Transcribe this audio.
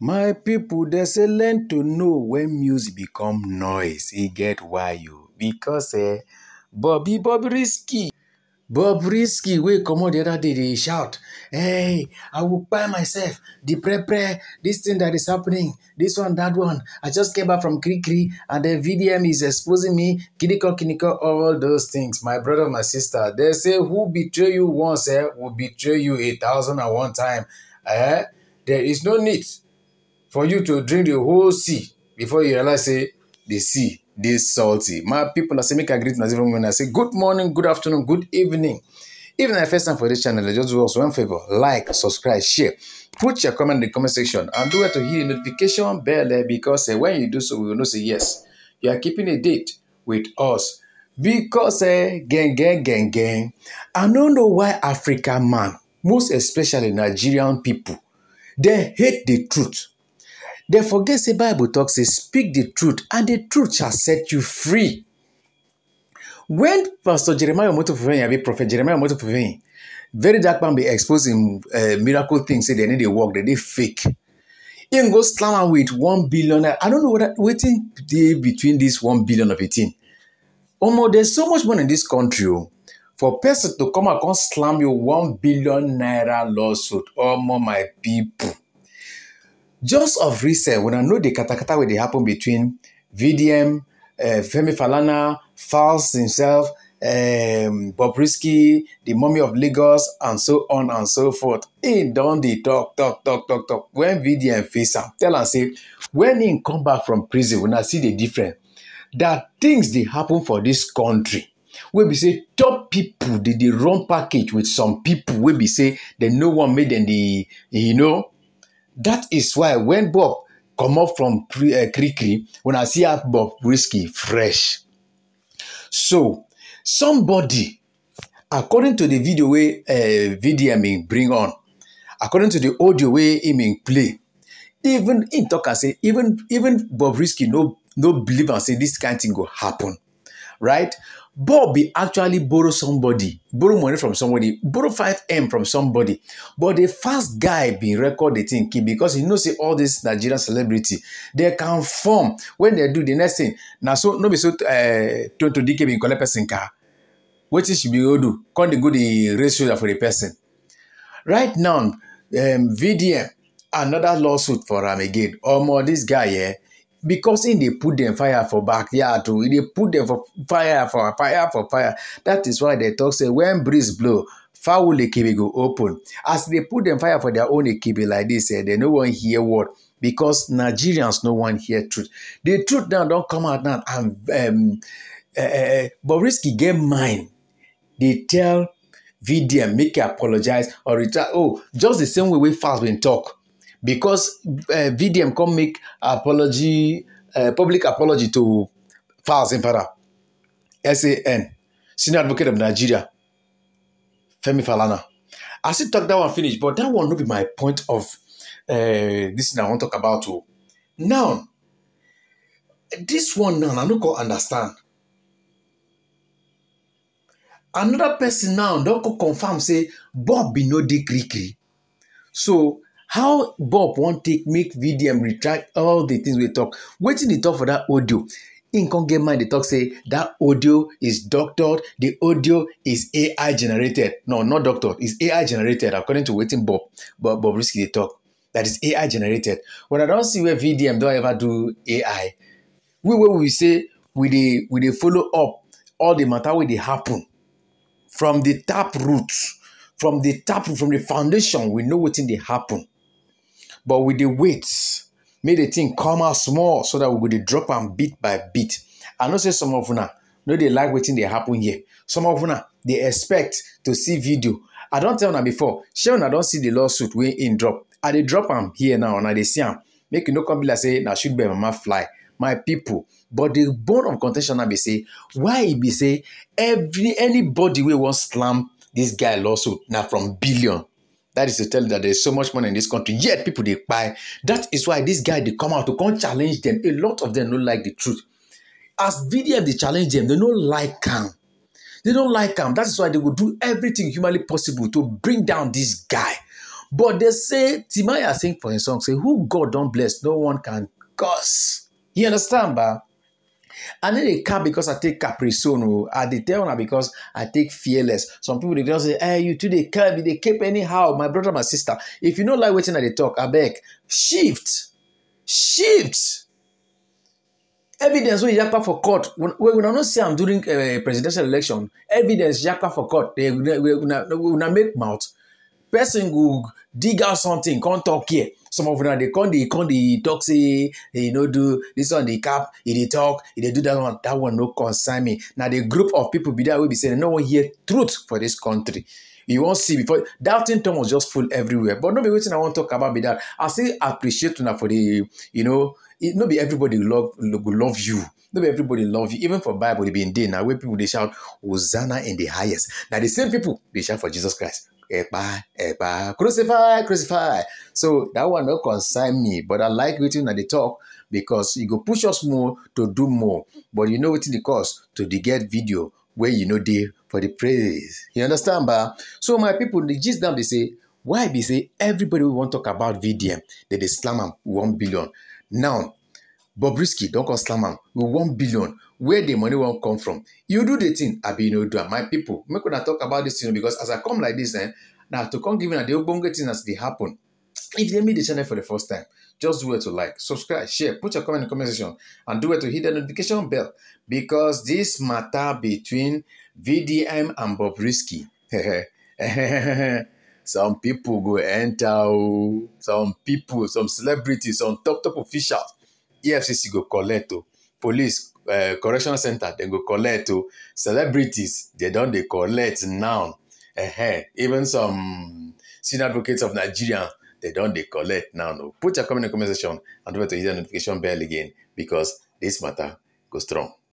My people they say learn to know when music become noise, e get why you because eh Bobby Bobrisky we come comot the other day they shout hey I will buy myself, the prepare, this thing that is happening, this one that one, I just came back from Krikri and the VDM is exposing me, kiniko kiniko all those things. My brother my sister they say who betray you once eh will betray you a thousand and one time. Eh? There is no need for you to drink the whole sea before you realize say the sea dey salty my people i say make i greet una every morning i say good morning good afternoon good evening if na your first time for this channel just do us one favor: like subscribe share put your comment in the comment section and do it to hit the notification bell there because uh, when you do so we will know say yes you are keeping a date with us because uh, gang gang gang gang i no know why african man most especially nigerian people dem hate the truth They forget the Bible talks say speak the truth and the truth shall set you free. When Pastor Jeremiah Motofufenyi, abi Prophet Jeremiah Motofufenyi, very dark man be exposing uh, eh, miracle things say they need to work, they dey fake. He go slam with one billion. I don't know what waiting day between this one billion of eighteen. Omo, there's so much money in this country. Oh. for person to come and come slam you one billion naira lawsuit omo my people just of recent una know the katakata wey dey happen between vdm uh, eh, femi falana falz himself um, eh, Bobrisky, the mummy of Lagos, and so on and so forth. He don dey talk, talk, talk, talk, talk. When VDM face am, tell am say, when he come back from prison, una see the difference. That things dey happen for this country. Wey be say top people dey dey run package with some people wey be say dem no wan make dem dey, you know, That is why when Bob come up from eh, Krikri, when I see that Bob Risky fresh. So somebody, according to the video way uh, eh, VDM mean bring on, according to the audio way he mean play, even in talk and say even even Bob Risky no no believe and say this kind of thing go happen right? Bobby actually borrow somebody, borrow money from somebody, borrow 5M from somebody. But the first guy been record the thing because he knows see all this Nigerian celebrity, they can form when they do the next thing. Now so nobody be so to eh, Tonto DK bin collect person car. is she be go do? Come dey go the raise for the person. Right now, um, VDM, another lawsuit for am again. more. this guy here, yeah, because him dey put dem fire for backyard o oh, he dey put dem for fire for fire for fire that is why dem talk say when breeze blow fowl ekebe go open as they put dem fire for their own ekebe like this eh dem no wan hear word because nigerians no wan hear truth the truth now don come out now and um, uh, bobrisky get mind dey tell vdm make e apologize or retract oh just the same way wey falz bin talk because uh, eh, VDM come make apology, uh, public apology to Fars Fara, SAN, Senior Advocate of Nigeria, Femi Falana. I still talk that one finish, but that one will be my point of uh, this thing I want to talk about too. Oh. Now, this one now, I don't go understand. Another person now don't go confirm say Bob be no dey kiri So how bob wan take make vdm retract all the things we talk wetin dey talk for that audio im come get mind dey talk say that audio is doctored the audio is ai generated no not doctored it's ai generated according to wetin bob bob risky dey talk that is ai generated but i don see where vdm don ever do ai we wey we say we dey we dey follow up all the matter wey dey happen from the tap root from the tap root from the foundation we know wetin dey happen but with the weights, make the thing come out small so that we go dey drop am bit by bit. I know say some of una no dey like wetin dey happen here. Some of una dey expect to see video. I don tell una before, shey una don see the lawsuit wey im drop. I dey drop am here now and I dey see am. Make you e no come be like say na shoot bird mama fly. My people, but the bone of contention na be say why e be say every anybody wey wan slam this guy lawsuit na from billion That is to tell you that there is so much money in this country, yet people they buy. That is why this guy they come out to come challenge them. A lot of them don't like the truth. As VDF they challenge them, they don't like him. They don't like him. That is why they will do everything humanly possible to bring down this guy. But they say, Timaya sing for his song, say, who God don't bless, no one can curse. You understand, ba? I need a car because I take Caprisono. Oh. I dey tell una because I take Fearless. Some people dey just say, "Hey, eh, you too dey carry, dey keep anyhow." My brother, my sister, if you no like wetin I dey talk, I beg shift, shift. Evidence wey yakpa for court, wey una no see am during uh, presidential election, evidence yakpa for court, dey una, una, una make mouth. Person go dig out something, come talk here some of them dey come dey come dey talk say You no do this one dey cap e dey talk e dey do that one that one no concern me na the group of people be that wey be say dem no wan hear truth for this country You won't see before doubting tongue was just full everywhere. But no be waiting I want to talk about be that. I say appreciate now for the you know it Not be everybody love love you. Not be everybody love you. Even for Bible, they be in day now where people they shout Hosanna in the highest. Now the same people they shout for Jesus Christ. Epa, epa, crucify, crucify. So that one not concern me, but I like waiting at the talk because you go push us more to do more. But you know wetin the cost to the get video where you know, they. for the praise. You understand, ba? So my people, the gist them they say, why be say everybody will want to talk about VDM, that they slam them one billion. Now, Bobrisky don't come slam them, with one billion. Where the money won't come from? You do the thing, I be no do My people, make una talk about this thing because as I come like this, eh, now to come giving a the obonge thing as they happen. If they meet the channel for the first time, just do it to like, subscribe, share, put your comment in the comment section, and do it to hit the notification bell because this matter between VDM and Bobrisky. some people go enter, oh. some people, some celebrities, some top top officials. EFCC go collect, to oh. police, uh, center, they go collect, to oh. celebrities, they don't they collect now. Even some senior advocates of Nigeria, they don't they collect now. No. Put your comment in the comment section and don't forget to hit the notification bell again because this matter goes strong.